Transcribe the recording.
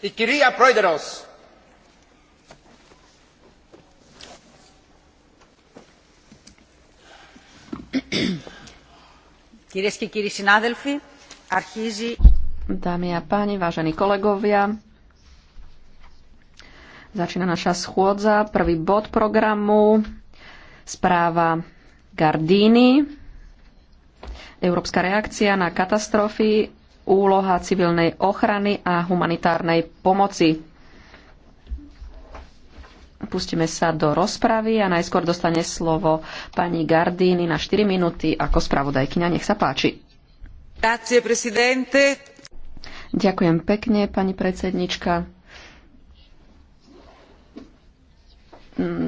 Η κυρία Πρόεδρος. Κυρίες και κύριοι συνάδελφοι, αρχίζει... Δάμια πάνη, βάζανοι κολεγόβια, začína naša schôdza. Prvý bod programu, správa Gardini, Európska reakcia na katastrofy úloha civilnej ochrany a humanitárnej pomoci. Pustíme sa do rozpravy a najskôr dostane slovo pani Gardini na 4 minúty ako spravodajkyňa. Nech sa páči. Ďakujem pekne, pani predsednička. Mm,